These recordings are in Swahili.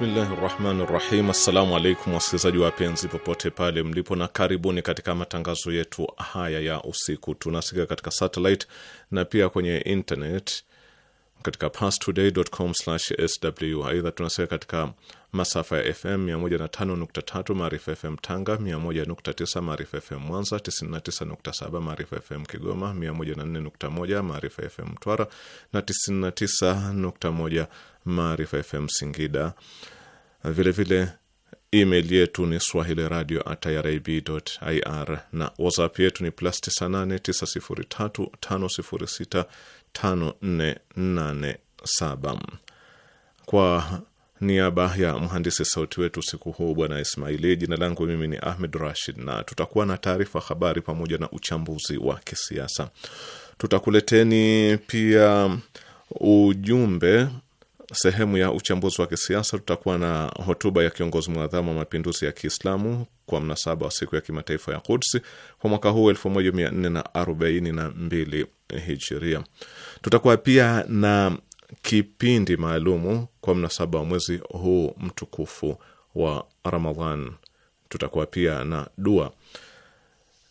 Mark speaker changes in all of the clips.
Speaker 1: Bismillahi rahmani rahim. Assalamu alaikum wasikilizaji wapenzi popote pale mlipo, na karibuni katika matangazo yetu haya ya usiku. Tunasikika katika satellite na pia kwenye internet katika pastoday.com/sw. Aidha, tunasikika katika masafa ya FM 105.3 Maarifa FM Tanga, 101.9 Maarifa FM Mwanza, 99.7 Maarifa FM Kigoma, 104.1 Maarifa FM Mtwara na 99.1 Maarifa FM Singida. Vilevile email yetu ni swahili radio at irib.ir na whatsapp yetu ni plus 989035065487 kwa niaba ya mhandisi sauti wetu usiku huu bwana Ismaili. Jina langu mimi ni Ahmed Rashid, na tutakuwa na taarifa habari pamoja na uchambuzi wa kisiasa. Tutakuleteni pia ujumbe Sehemu ya uchambuzi wa kisiasa tutakuwa na hotuba ya kiongozi mwadhamu wa mapinduzi ya Kiislamu kwa mnasaba wa siku ya kimataifa ya kudsi kwa mwaka huu 1442 Hijiria. Tutakuwa pia na kipindi maalumu kwa mnasaba wa mwezi huu mtukufu wa Ramadhan. Tutakuwa pia na dua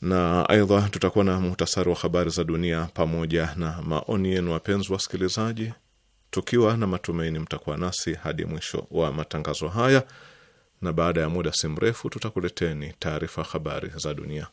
Speaker 1: na aidha tutakuwa na muhtasari wa habari za dunia pamoja na maoni yenu, wapenzi wasikilizaji, tukiwa na matumaini mtakuwa nasi hadi mwisho wa matangazo haya, na baada ya muda si mrefu tutakuleteni taarifa habari za dunia.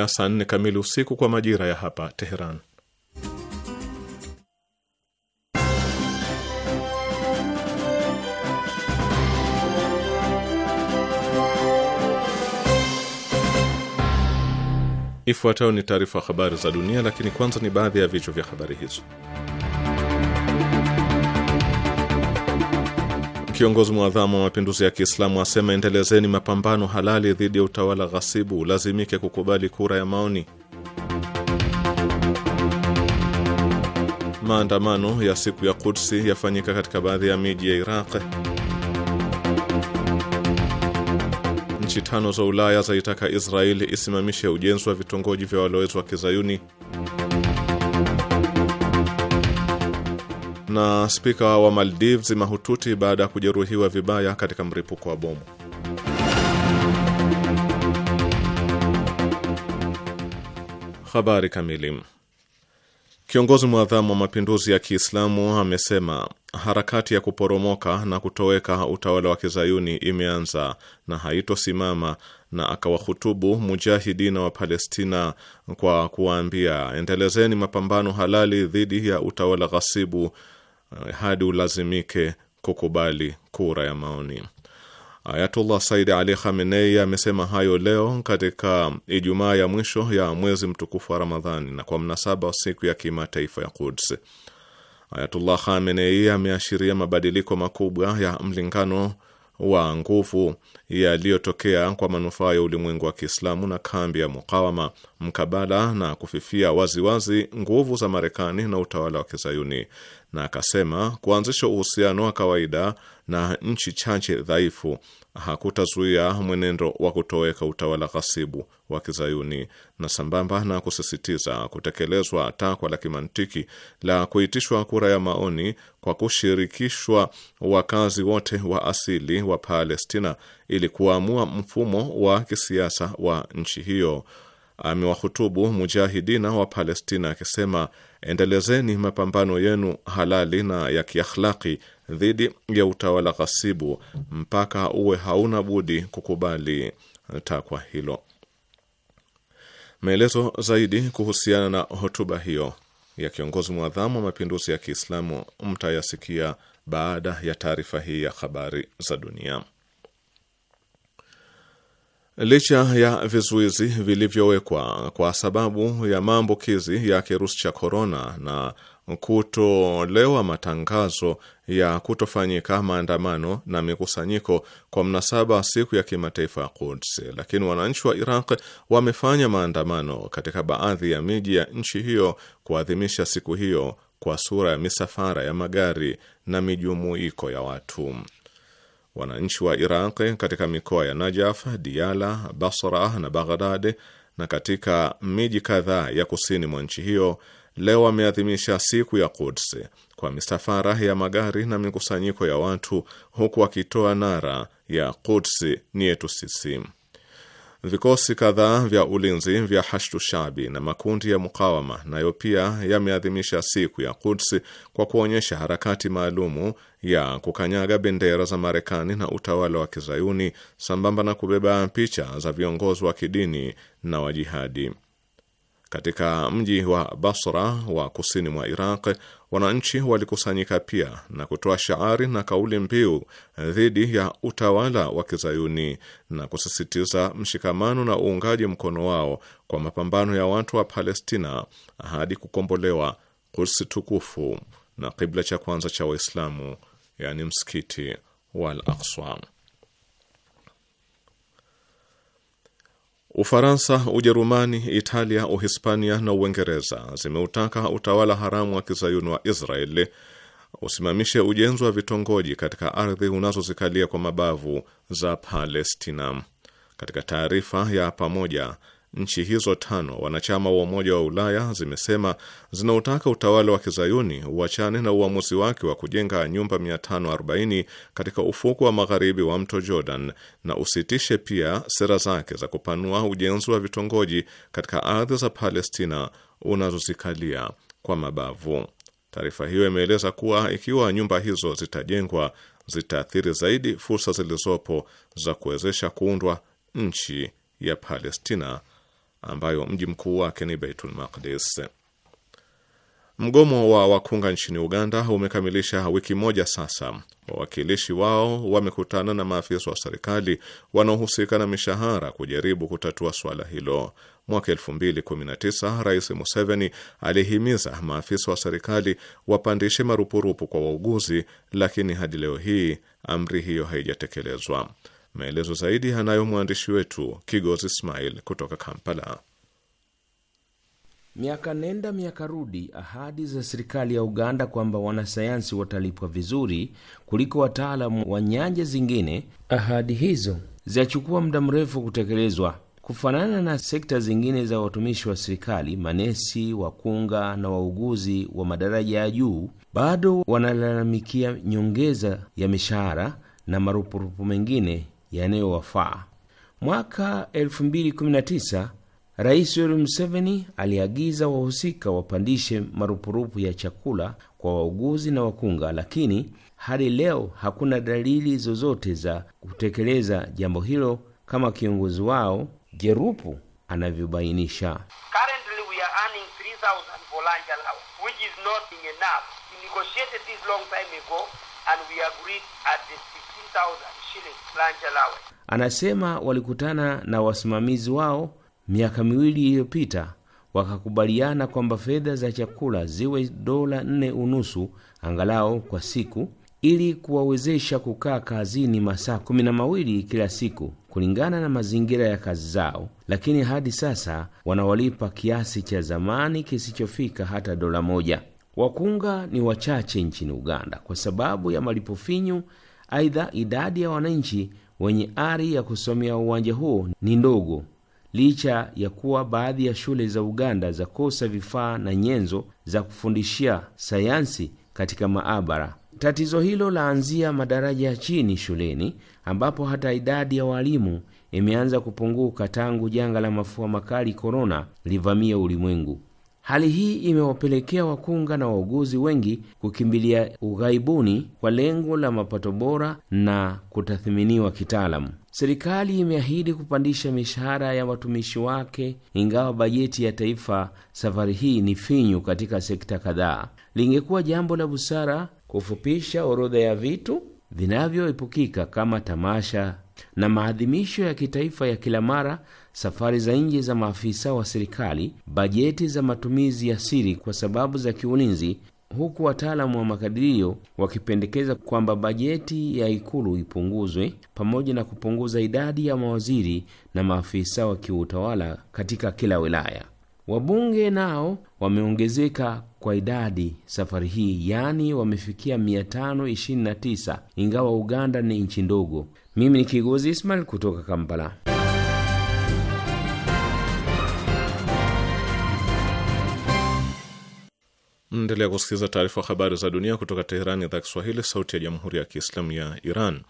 Speaker 1: imetimia saa nne kamili usiku kwa majira ya hapa Teheran. Ifuatayo ni taarifa habari za dunia, lakini kwanza ni baadhi ya vichwa vya habari hizo. Kiongozi mwadhamu wa mapinduzi ya Kiislamu asema endelezeni mapambano halali dhidi ya utawala ghasibu, ulazimike kukubali kura ya maoni. Maandamano ya siku ya Kudsi yafanyika katika baadhi ya miji ya Iraq. Nchi tano za Ulaya zaitaka Israeli isimamishe ujenzi wa vitongoji vya walowezi wa Kizayuni. na spika wa Maldives mahututi baada ya kujeruhiwa vibaya katika mripuko wa bomu. Habari kamili. Kiongozi mwadhamu wa mapinduzi ya Kiislamu amesema harakati ya kuporomoka na kutoweka utawala wa kizayuni imeanza na haitosimama, na akawahutubu mujahidina wa Palestina kwa kuwaambia, endelezeni mapambano halali dhidi ya utawala ghasibu Eh, hadi ulazimike kukubali kura ya maoni. Ayatullah Said Ali Khamenei amesema hayo leo katika Ijumaa ya mwisho ya mwezi mtukufu wa Ramadhani na kwa mnasaba wa siku ya kimataifa ya Quds. Ayatullah Khamenei ameashiria mabadiliko makubwa ya mlingano wa nguvu yaliyotokea kwa manufaa ya ulimwengu wa Kiislamu na kambi ya mukawama mkabala na kufifia waziwazi wazi nguvu za Marekani na utawala wa Kizayuni na akasema kuanzisha uhusiano wa kawaida na nchi chache dhaifu hakutazuia mwenendo wa kutoweka utawala ghasibu wa kizayuni, na sambamba na kusisitiza kutekelezwa takwa la kimantiki la kuitishwa kura ya maoni kwa kushirikishwa wakazi wote wa asili wa Palestina ili kuamua mfumo wa kisiasa wa nchi hiyo amewahutubu mujahidina wa Palestina akisema, endelezeni mapambano yenu halali na ya kiakhlaki dhidi ya utawala ghasibu mpaka uwe hauna budi kukubali takwa hilo. Maelezo zaidi kuhusiana na hotuba hiyo ya kiongozi mwadhamu wa mapinduzi ya Kiislamu mtayasikia baada ya taarifa hii ya habari za dunia. Licha ya vizuizi vilivyowekwa kwa sababu ya maambukizi ya kirusi cha korona na kutolewa matangazo ya kutofanyika maandamano na mikusanyiko kwa mnasaba siku ya kimataifa ya Quds, lakini wananchi wa Iraq wamefanya maandamano katika baadhi ya miji ya nchi hiyo kuadhimisha siku hiyo kwa sura ya misafara ya magari na mijumuiko ya watu. Wananchi wa Iraq katika mikoa ya Najaf, Diyala, Basra na Baghdad na katika miji kadhaa ya kusini mwa nchi hiyo leo wameadhimisha siku ya Quds kwa misafara ya magari na mikusanyiko ya watu huku wakitoa nara ya Quds ni yetu sisi. Vikosi kadhaa vya ulinzi vya Hashdu Shabi na makundi ya mukawama nayo pia yameadhimisha siku ya Quds kwa kuonyesha harakati maalumu ya kukanyaga bendera za Marekani na utawala wa Kizayuni sambamba na kubeba picha za viongozi wa kidini na wajihadi. Katika mji wa Basra wa kusini mwa Iraq Wananchi walikusanyika pia na kutoa shaari na kauli mbiu dhidi ya utawala wa kizayuni na kusisitiza mshikamano na uungaji mkono wao kwa mapambano ya watu wa Palestina hadi kukombolewa Kursi tukufu na kibla cha kwanza cha Waislamu, yani msikiti wa Al-Aqsa. Ufaransa, Ujerumani, Italia, Uhispania na Uingereza zimeutaka utawala haramu wa kizayuni wa Israeli usimamishe ujenzi wa vitongoji katika ardhi unazozikalia kwa mabavu za Palestina. Katika taarifa ya pamoja nchi hizo tano wanachama wa Umoja wa Ulaya zimesema zinautaka utawala wa kizayuni uachane na uamuzi wake wa kujenga nyumba 540 katika ufuko wa magharibi wa mto Jordan na usitishe pia sera zake za kupanua ujenzi wa vitongoji katika ardhi za Palestina unazozikalia kwa mabavu. Taarifa hiyo imeeleza kuwa ikiwa nyumba hizo zitajengwa, zitaathiri zaidi fursa zilizopo za kuwezesha kuundwa nchi ya Palestina ambayo mji mkuu wake ni Beitul Maqdis. Mgomo wa wakunga nchini Uganda umekamilisha wiki moja sasa. Wawakilishi wao wamekutana na maafisa wa serikali wanaohusika na mishahara kujaribu kutatua suala hilo. Mwaka 2019 Rais Museveni alihimiza maafisa wa serikali wapandishe marupurupu kwa wauguzi, lakini hadi leo hii amri hiyo haijatekelezwa. Maelezo zaidi anayo mwandishi wetu Kigozi Ismail kutoka Kampala.
Speaker 2: Miaka nenda miaka rudi, ahadi za serikali ya Uganda kwamba wanasayansi watalipwa vizuri kuliko wataalamu wa nyanja zingine, ahadi hizo zinachukua muda mrefu kutekelezwa. Kufanana na sekta zingine za watumishi wa serikali, manesi, wakunga na wauguzi wa madaraja ya juu bado wanalalamikia nyongeza ya mishahara na marupurupu mengine yanayowafaa. Mwaka 2019 Rais Yoweri Museveni aliagiza wahusika wapandishe marupurupu ya chakula kwa wauguzi na wakunga, lakini hadi leo hakuna dalili zozote za kutekeleza jambo hilo kama kiongozi wao Jerupu anavyobainisha. Anasema walikutana na wasimamizi wao miaka miwili iliyopita wakakubaliana kwamba fedha za chakula ziwe dola nne unusu angalau kwa siku ili kuwawezesha kukaa kazini masaa kumi na mawili kila siku kulingana na mazingira ya kazi zao, lakini hadi sasa wanawalipa kiasi cha zamani kisichofika hata dola moja. Wakunga ni wachache nchini Uganda kwa sababu ya malipo finyu Aidha, idadi ya wananchi wenye ari ya kusomea uwanja huo ni ndogo, licha ya kuwa baadhi ya shule za Uganda zakosa vifaa na nyenzo za kufundishia sayansi katika maabara. Tatizo hilo laanzia madaraja ya chini shuleni, ambapo hata idadi ya walimu imeanza kupunguka tangu janga la mafua makali korona livamie ulimwengu. Hali hii imewapelekea wakunga na wauguzi wengi kukimbilia ughaibuni kwa lengo la mapato bora na kutathiminiwa kitaalamu. Serikali imeahidi kupandisha mishahara ya watumishi wake, ingawa bajeti ya taifa safari hii ni finyu katika sekta kadhaa. Lingekuwa jambo la busara kufupisha orodha ya vitu vinavyoepukika kama tamasha na maadhimisho ya kitaifa ya kila mara safari za nje za maafisa wa serikali, bajeti za matumizi ya siri kwa sababu za kiulinzi, huku wataalamu wa makadirio wakipendekeza kwamba bajeti ya Ikulu ipunguzwe pamoja na kupunguza idadi ya mawaziri na maafisa wa kiutawala katika kila wilaya. Wabunge nao wameongezeka kwa idadi safari hii, yaani wamefikia 529 ingawa Uganda ni nchi ndogo. Mimi ni Kigozi Ismail kutoka Kampala.
Speaker 1: Naendelea kusikiliza taarifa habari za dunia kutoka Teherani, idhaa Kiswahili, sauti ya jamhuri ya kiislamu ya Iran.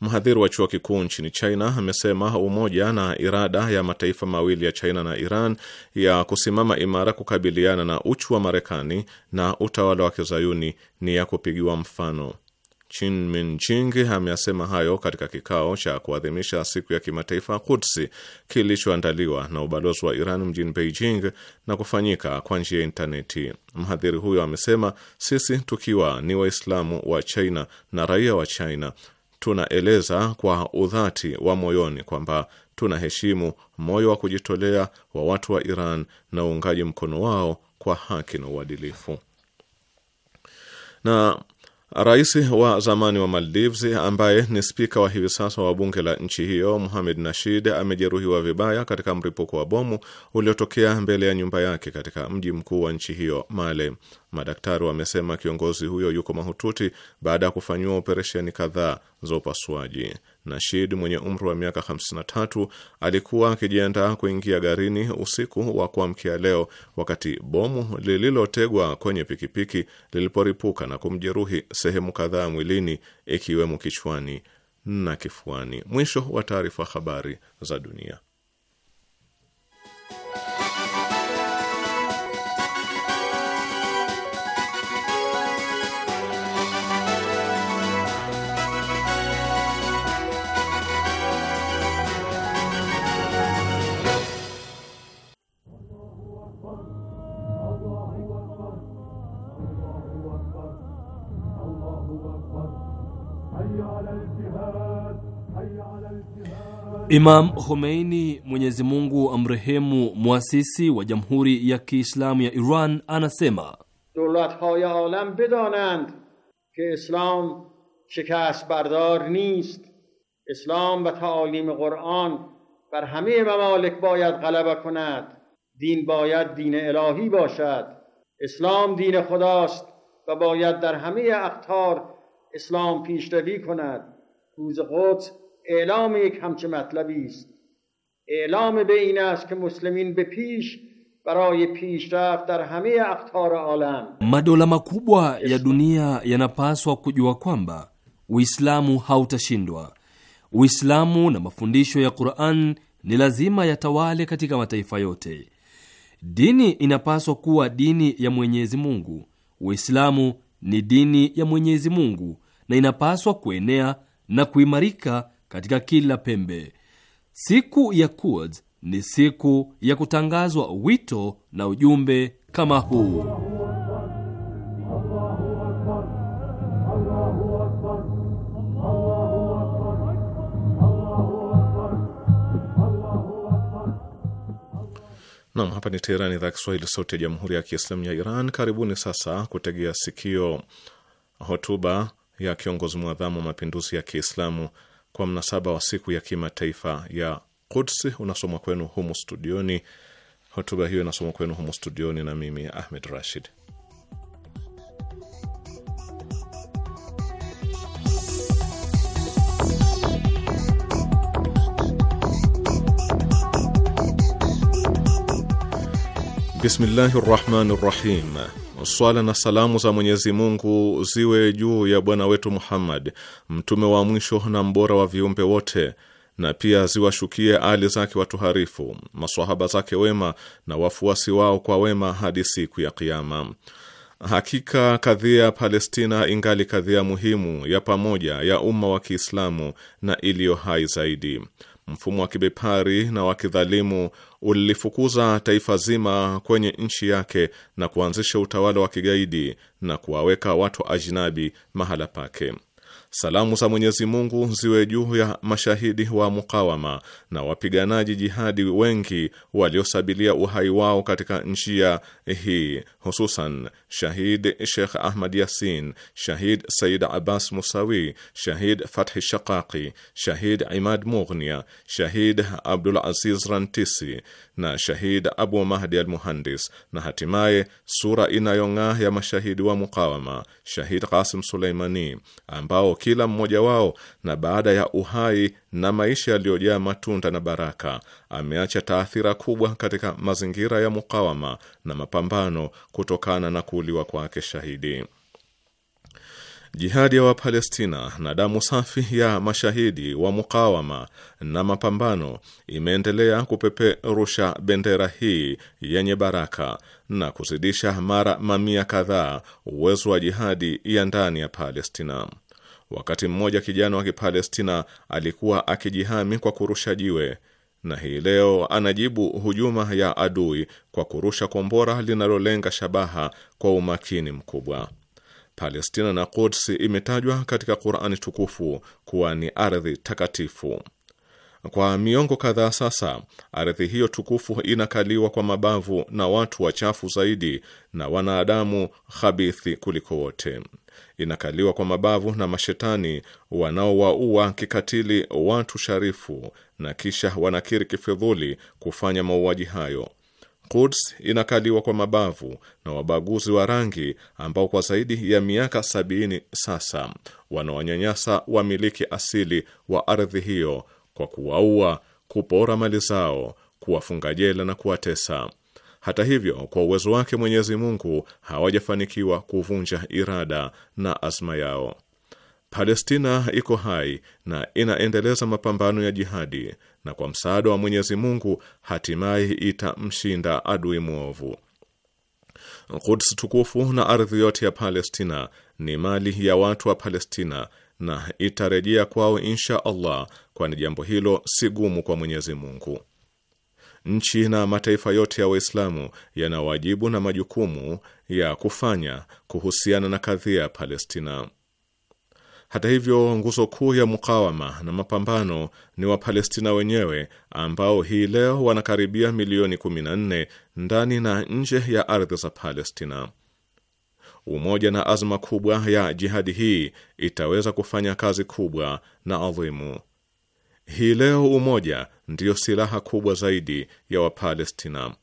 Speaker 1: Mhadhiri wa chuo kikuu nchini China amesema umoja na irada ya mataifa mawili ya China na Iran ya kusimama imara kukabiliana na uchu wa Marekani na utawala wa kizayuni ni ya kupigiwa mfano Chin Min Ching ameyasema hayo katika kikao cha kuadhimisha siku ya kimataifa kutsi kilichoandaliwa na ubalozi wa Iran mjini Beijing na kufanyika kwa njia ya intaneti. Mhadhiri huyo amesema, sisi tukiwa ni Waislamu wa China na raia wa China tunaeleza kwa udhati wa moyoni kwamba tunaheshimu moyo wa kujitolea wa watu wa Iran na uungaji mkono wao kwa haki na uadilifu na Rais wa zamani wa Maldives ambaye ni spika wa hivi sasa wa bunge la nchi hiyo Mohamed Nashid amejeruhiwa vibaya katika mlipuko wa bomu uliotokea mbele ya nyumba yake katika mji mkuu wa nchi hiyo Male. Madaktari wamesema kiongozi huyo yuko mahututi baada ya kufanyiwa operesheni kadhaa za upasuaji. Nashid mwenye umri wa miaka 53 alikuwa akijiandaa kuingia garini usiku wa kuamkia leo wakati bomu lililotegwa kwenye pikipiki liliporipuka na kumjeruhi sehemu kadhaa mwilini ikiwemo kichwani na kifuani. Mwisho wa taarifa. Habari za dunia.
Speaker 2: امام خمینی من یز مؤسیسی و جمهوری یکی اسلامی ایران اسهما
Speaker 3: دولت های عالم بدانند که اسلام شکست بردار نیست اسلام و تعالیم قرآن بر همه ممالک باید غلبه کند دین باید دین الهی باشد اسلام دین خداست و باید در همه اختار اسلام پیشروی کند روز اعلام یک همچه مطلبی است اعلام به این است که مسلمین به پیش برای پیشrفت در همه
Speaker 4: اقطار alam.
Speaker 2: Madola makubwa ya dunia yanapaswa kujua kwamba Uislamu hautashindwa. Uislamu na mafundisho ya Qur'an ni lazima yatawale katika mataifa yote. Dini inapaswa kuwa dini ya Mwenyezi Mungu. Uislamu ni dini ya Mwenyezi Mungu na inapaswa kuenea na kuimarika katika kila pembe. Siku ya Quds ni siku ya kutangazwa wito na ujumbe kama huu.
Speaker 1: Nam, hapa ni Teherani, idhaa Kiswahili, sauti ya jamhuri ya kiislamu ya Iran. Karibuni sasa kutegea sikio hotuba ya kiongozi mwadhamu wa mapinduzi ya Kiislamu kwa mnasaba wa siku ya kimataifa ya Quds unasomwa kwenu humu studioni. Hotuba hiyo inasomwa kwenu humu studioni na mimi Ahmed Rashid. Bismillahi rahmani rahim swala na salamu za Mwenyezi Mungu ziwe juu ya bwana wetu Muhammad, mtume wa mwisho na mbora wa viumbe wote, na pia ziwashukie ali zake watuharifu, maswahaba zake wema na wafuasi wao kwa wema hadi siku ya Kiama. Hakika kadhia Palestina ingali kadhia muhimu ya pamoja ya umma wa Kiislamu na iliyo hai zaidi. Mfumo wa kibepari na wa kidhalimu ulifukuza taifa zima kwenye nchi yake na kuanzisha utawala wa kigaidi na kuwaweka watu ajnabi mahala pake. Salamu za Mwenyezi Mungu ziwe juu ya mashahidi wa mukawama na wapiganaji jihadi wengi waliosabilia uhai wao katika njia hii, hususan Shahid Sheikh Ahmad Yasin, Shahid Said Abbas Musawi, Shahid Fathi Shaqaqi, Shahid Imad Mughnia, Shahid Abdul Aziz Rantisi na Shahid Abu Mahdi al Muhandis, na hatimaye sura inayong'aa ya mashahidi wa mukawama, Shahid Qasim Suleimani, ambao kila mmoja wao na baada ya uhai na maisha yaliyojaa matunda na baraka ameacha taathira kubwa katika mazingira ya mukawama na mapambano kutokana na kuuliwa kwake shahidi jihadi ya Wapalestina na damu safi ya mashahidi wa mukawama na mapambano imeendelea kupeperusha bendera hii yenye baraka na kuzidisha mara mamia kadhaa uwezo wa jihadi ya ndani ya Palestina. Wakati mmoja kijana wa Kipalestina alikuwa akijihami kwa kurusha jiwe na hii leo anajibu hujuma ya adui kwa kurusha kombora linalolenga shabaha kwa umakini mkubwa. Palestina na Quds imetajwa katika Qur'ani tukufu kuwa ni ardhi takatifu. Kwa miongo kadhaa sasa, ardhi hiyo tukufu inakaliwa kwa mabavu na watu wachafu zaidi na wanadamu khabithi kuliko wote. Inakaliwa kwa mabavu na mashetani wanaowaua kikatili watu sharifu na kisha wanakiri kifidhuli kufanya mauaji hayo. Quds inakaliwa kwa mabavu na wabaguzi wa rangi ambao kwa zaidi ya miaka sabini sasa wanawanyanyasa wamiliki asili wa ardhi hiyo kwa kuwaua, kupora mali zao, kuwafunga jela na kuwatesa. Hata hivyo, kwa uwezo wake Mwenyezi Mungu hawajafanikiwa kuvunja irada na azma yao. Palestina iko hai na inaendeleza mapambano ya jihadi, na kwa msaada wa Mwenyezi Mungu hatimaye itamshinda adui mwovu. kudsi tukufu na ardhi yote ya Palestina ni mali ya watu wa Palestina na itarejea kwao insha Allah, kwani jambo hilo si gumu kwa Mwenyezi Mungu. Nchi na mataifa yote ya Waislamu yana wajibu na majukumu ya kufanya kuhusiana na kadhia ya Palestina. Hata hivyo, nguzo kuu ya mukawama na mapambano ni Wapalestina wenyewe ambao hii leo wanakaribia milioni 14 ndani na nje ya ardhi za Palestina. Umoja na azma kubwa ya jihadi hii itaweza kufanya kazi kubwa na adhimu. Hii leo umoja ndiyo silaha kubwa zaidi ya Wapalestina.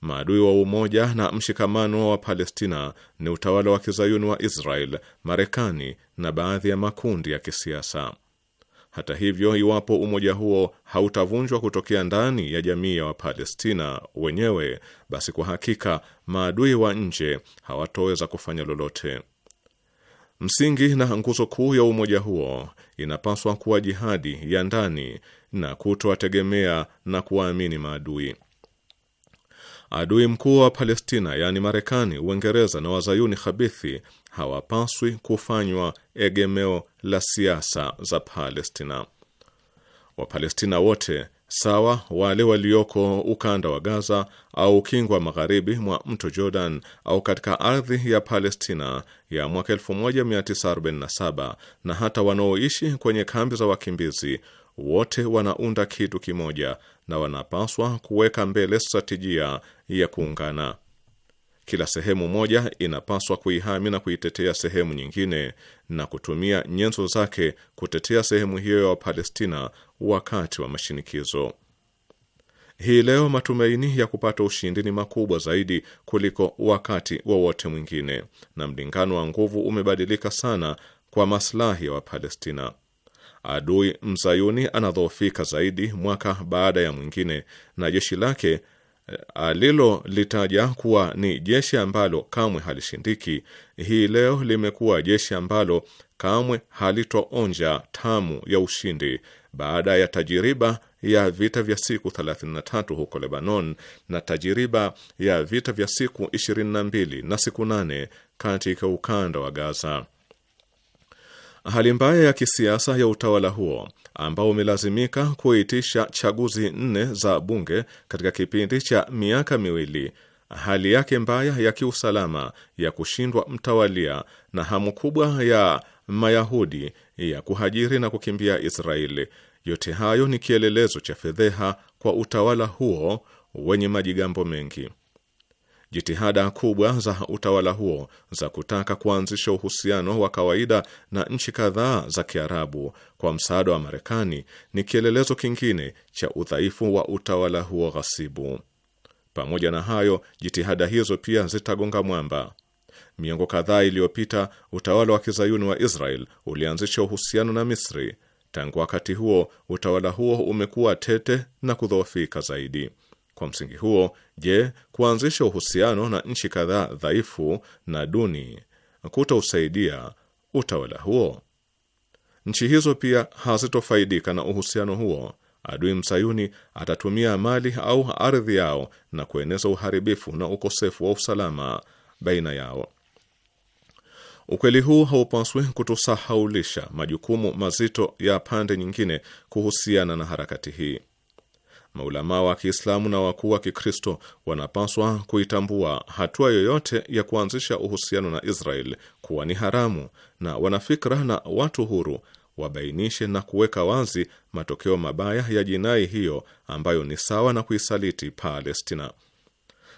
Speaker 1: Maadui wa umoja na mshikamano wa Palestina ni utawala wa kizayuni wa Israel, Marekani na baadhi ya makundi ya kisiasa. Hata hivyo, iwapo umoja huo hautavunjwa kutokea ndani ya jamii ya Wapalestina wenyewe, basi kwa hakika maadui wa nje hawatoweza kufanya lolote. Msingi na nguzo kuu ya umoja huo inapaswa kuwa jihadi ya ndani na kutowategemea na kuwaamini maadui. Adui mkuu wa Palestina, yaani Marekani, Uingereza na wazayuni khabithi hawapaswi kufanywa egemeo la siasa za Palestina. Wapalestina wote sawa wale walioko ukanda wa Gaza au ukingo wa magharibi mwa mto Jordan au katika ardhi ya Palestina ya mwaka 1947 na hata wanaoishi kwenye kambi za wakimbizi wote wanaunda kitu kimoja na wanapaswa kuweka mbele stratejia ya kuungana. Kila sehemu moja inapaswa kuihami na kuitetea sehemu nyingine na kutumia nyenzo zake kutetea sehemu hiyo ya Wapalestina wakati wa mashinikizo. Hii leo matumaini ya kupata ushindi ni makubwa zaidi kuliko wakati wowote wa mwingine, na mlingano wa nguvu umebadilika sana kwa maslahi ya wa Wapalestina. Adui mzayuni anadhoofika zaidi mwaka baada ya mwingine, na jeshi lake eh, alilolitaja kuwa ni jeshi ambalo kamwe halishindiki, hii leo limekuwa jeshi ambalo kamwe halitoonja tamu ya ushindi baada ya tajiriba ya vita vya siku 33 huko Lebanon na tajiriba ya vita vya siku 22 na siku 8 katika ukanda wa Gaza. Hali mbaya ya kisiasa ya utawala huo ambao umelazimika kuitisha chaguzi nne za bunge katika kipindi cha miaka miwili, hali yake mbaya ya kiusalama ya kushindwa mtawalia, na hamu kubwa ya Mayahudi ya kuhajiri na kukimbia Israeli, yote hayo ni kielelezo cha fedheha kwa utawala huo wenye majigambo mengi. Jitihada kubwa za utawala huo za kutaka kuanzisha uhusiano wa kawaida na nchi kadhaa za Kiarabu kwa msaada wa Marekani ni kielelezo kingine cha udhaifu wa utawala huo ghasibu. Pamoja na hayo, jitihada hizo pia zitagonga mwamba. Miongo kadhaa iliyopita, utawala wa kizayuni wa Israel ulianzisha uhusiano na Misri. Tangu wakati huo, utawala huo umekuwa tete na kudhoofika zaidi. Kwa msingi huo, je, kuanzisha uhusiano na nchi kadhaa dhaifu na duni kutausaidia utawala huo? Nchi hizo pia hazitofaidika na uhusiano huo. Adui msayuni atatumia mali au ardhi yao na kueneza uharibifu na ukosefu wa usalama baina yao. Ukweli huu haupaswi kutusahaulisha majukumu mazito ya pande nyingine kuhusiana na harakati hii. Maulamaa wa Kiislamu na wakuu wa Kikristo wanapaswa kuitambua hatua yoyote ya kuanzisha uhusiano na Israel kuwa ni haramu, na wanafikra na watu huru wabainishe na kuweka wazi matokeo mabaya ya jinai hiyo ambayo ni sawa na kuisaliti Palestina.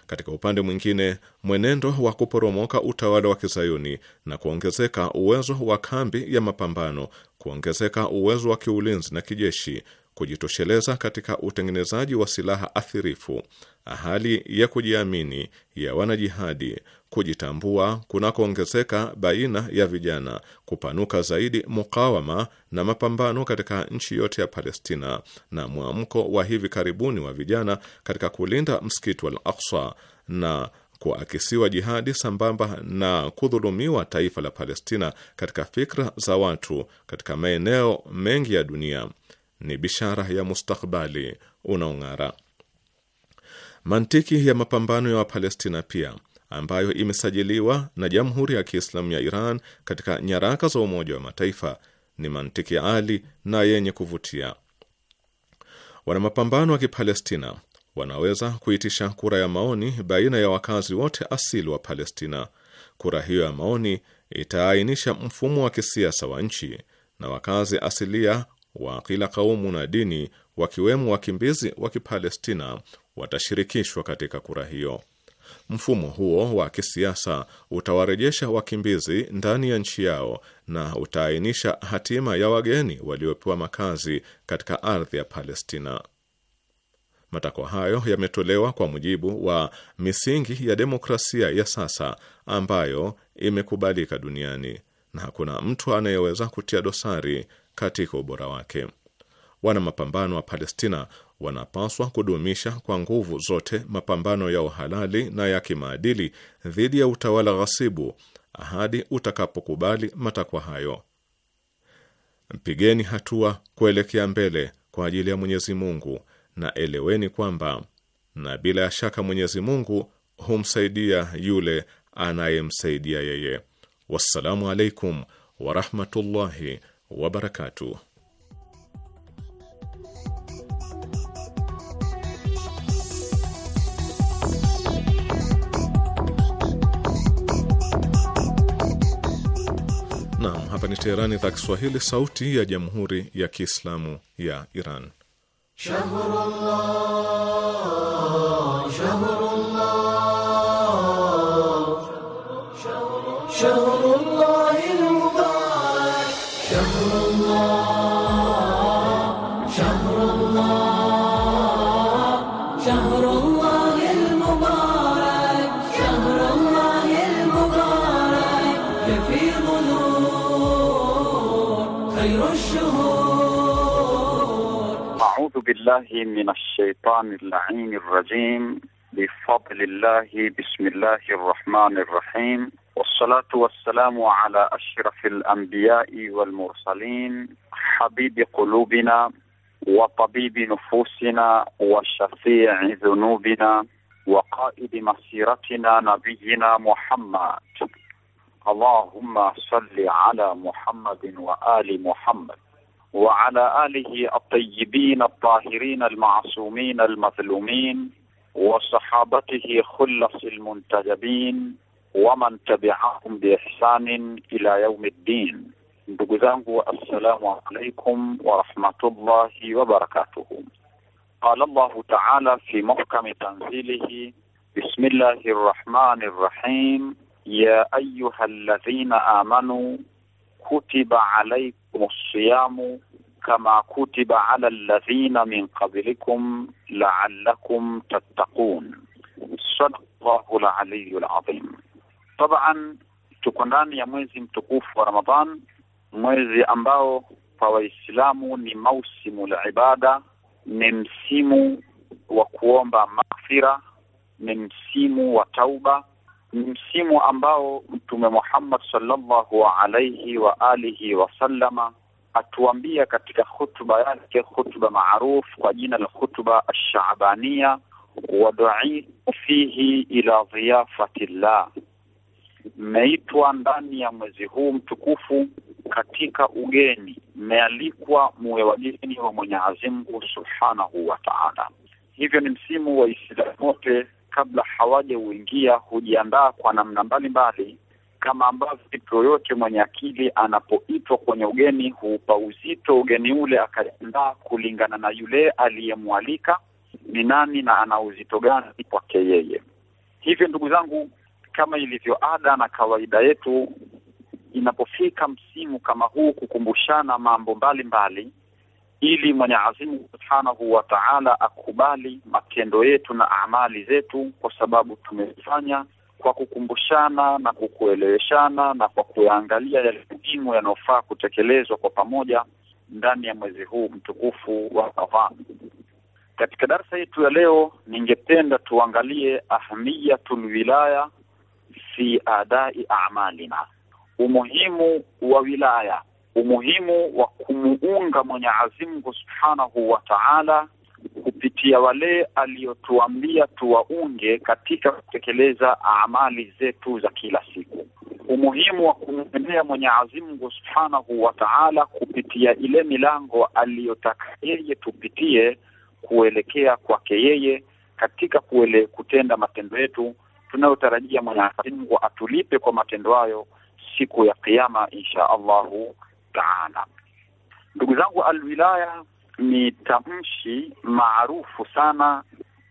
Speaker 1: Katika upande mwingine, mwenendo wa kuporomoka utawala wa kizayuni na kuongezeka uwezo wa kambi ya mapambano, kuongezeka uwezo wa kiulinzi na kijeshi kujitosheleza katika utengenezaji wa silaha athirifu, hali ya kujiamini ya wanajihadi, kujitambua kunakoongezeka baina ya vijana, kupanuka zaidi mukawama na mapambano katika nchi yote ya Palestina, na mwamko wa hivi karibuni wa vijana katika kulinda msikiti wa Al-Aqsa na kuakisiwa jihadi sambamba na kudhulumiwa taifa la Palestina katika fikra za watu katika maeneo mengi ya dunia ni bishara ya mustakbali unaong'ara. Mantiki ya mapambano ya Wapalestina pia ambayo imesajiliwa na Jamhuri ya Kiislamu ya Iran katika nyaraka za Umoja wa Mataifa ni mantiki ali na yenye kuvutia. Wanamapambano wa Kipalestina wanaweza kuitisha kura ya maoni baina ya wakazi wote asili wa Palestina. Kura hiyo ya maoni itaainisha mfumo wa kisiasa wa nchi, na wakazi asilia wa kila kaumu na dini, wakiwemo wakimbizi wa Kipalestina, watashirikishwa katika kura hiyo. Mfumo huo wa kisiasa utawarejesha wakimbizi ndani ya nchi yao na utaainisha hatima ya wageni waliopewa makazi katika ardhi ya Palestina. Matakwa hayo yametolewa kwa mujibu wa misingi ya demokrasia ya sasa ambayo imekubalika duniani na hakuna mtu anayeweza kutia dosari katika ubora wake. Wana mapambano wa Palestina wanapaswa kudumisha kwa nguvu zote mapambano ya uhalali na ya kimaadili dhidi ya utawala ghasibu hadi utakapokubali matakwa hayo. Mpigeni hatua kuelekea mbele kwa ajili ya Mwenyezi Mungu na eleweni kwamba na bila ya shaka Mwenyezi Mungu humsaidia yule anayemsaidia yeye. Wassalamu alaikum warahmatullahi wabarakatuh. Naam, hapa ni Teherani, idhaa Kiswahili, sauti ya jamhuri ya kiislamu ya Iran.
Speaker 5: Shahrullah, shahrullah, shahrullah. خير الشهور
Speaker 4: أعوذ بالله من الشيطان اللعين الرجيم بفضل الله بسم الله الرحمن الرحيم والصلاة والسلام على أشرف الأنبياء والمرسلين حبيب قلوبنا وطبيب نفوسنا وشفيع ذنوبنا وقائد مسيرتنا نبينا محمد اللهم صل على محمد وال محمد وعلى اله الطيبين الطاهرين المعصومين المظلومين وصحابته خلص المنتجبين ومن تبعهم باحسان الى يوم الدين السلام عليكم ورحمة الله وبركاته قال الله تعالى في محكم تنزيله بسم الله الرحمن الرحيم يا أيها الذين آمنوا كتب عليكم الصيام كما كتب على الذين من قبلكم لعلكم تتقون صدق الله العلي العظيم طبعا تكونان يا مويزي متكوف ورمضان mwezi ambao kwa waislamu ni mausimu la ibada ni msimu wa ni msimu ambao Mtume Muhammad sallallahu alaihi wa alihi wasallama atuambia katika khutba yake, khutba maruf kwa jina la khutba wa waduitu fihi ila dhiyafati llah,
Speaker 5: mmeitwa
Speaker 4: ndani ya mwezi huu mtukufu katika ugeni, mmealikwa muwe wageni wa Mwenyezi Mungu subhanahu wa taala. Hivyo ni msimu wa islamu wote kabla hawajauingia hujiandaa kwa namna mbalimbali, kama ambavyo mtu yoyote mwenye akili anapoitwa kwenye ugeni huupa uzito ugeni ule, akajiandaa kulingana na yule aliyemwalika ni nani na ana uzito gani kwake yeye. Hivyo ndugu zangu, kama ilivyo ada na kawaida yetu, inapofika msimu kama huu kukumbushana mambo mbalimbali mbali, ili Mwenyezi Mungu Subhanahu wa Ta'ala akubali matendo yetu na amali zetu, kwa sababu tumefanya kwa kukumbushana na kukueleweshana na kwa kuyaangalia yale muhimu yanayofaa kutekelezwa kwa pamoja ndani ya mwezi huu mtukufu wa Ramadhan. Katika darsa yetu ya leo, ningependa tuangalie ahamiyatul wilaya fi adai amalina, umuhimu wa wilaya umuhimu wa kumuunga Mwenyezi Mungu Subhanahu wa Ta'ala kupitia wale aliyotuambia tuwaunge katika kutekeleza amali zetu za kila siku, umuhimu wa kumwendea Mwenyezi Mungu Subhanahu wa Ta'ala kupitia ile milango aliyotaka yeye tupitie kuelekea kwake yeye katika kuele, kutenda matendo yetu tunayotarajia Mwenyezi Mungu atulipe kwa matendo hayo siku ya Kiyama, insha Allahu taala. Ndugu zangu, alwilaya ni tamshi maarufu sana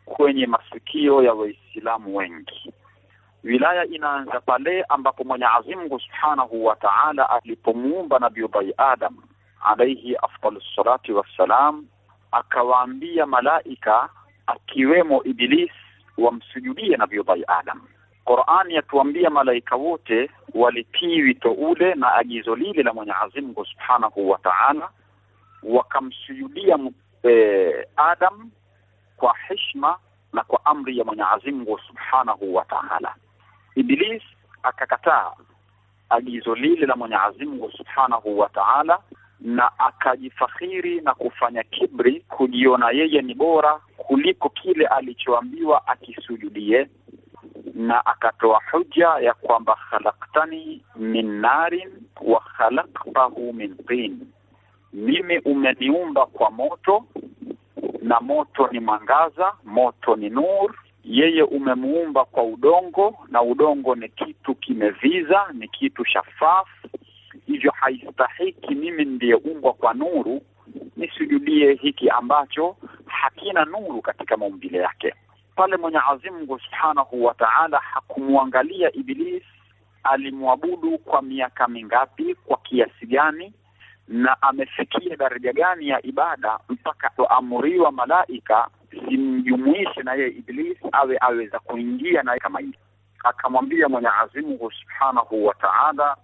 Speaker 4: kwenye masikio ya Waislamu wengi. Wilaya inaanza pale ambapo Mwenyezi Mungu Subhanahu wa Ta'ala alipomuumba Nabiullahi Adam alayhi afdalus salati wassalam, akawaambia malaika akiwemo Iblis wamsujudie Nabiullahi Adam Qur'ani yatuambia malaika wote walitii wito ule na agizo lile la Mwenyezi Mungu Subhanahu wa Ta'ala, wakamsujudia e, Adam kwa heshima na kwa amri ya Mwenyezi Mungu Subhanahu wa Ta'ala. Iblis akakataa agizo lile la Mwenyezi Mungu Subhanahu wa Ta'ala na akajifakhiri na kufanya kibri, kujiona yeye ni bora kuliko kile alichoambiwa akisujudie na akatoa hoja ya kwamba khalaktani min narin wa khalaktahu min tin, mimi umeniumba kwa moto na moto ni mwangaza, moto ni nur. Yeye umemuumba kwa udongo na udongo ni kitu kimeviza, ni kitu shafafu, hivyo haistahiki mimi umbwa kwa nuru nisujudie hiki ambacho hakina nuru katika maumbile yake pale Mwenyezi Mungu Subhanahu wa Ta'ala hakumwangalia Iblis alimwabudu kwa miaka mingapi, kwa kiasi gani, na amefikia daraja gani ya ibada mpaka aamuriwa malaika simjumuishe na yeye Iblis awe aweza kuingia naye kama hivi. Akamwambia Mwenyezi Mungu Subhanahu wa Ta'ala,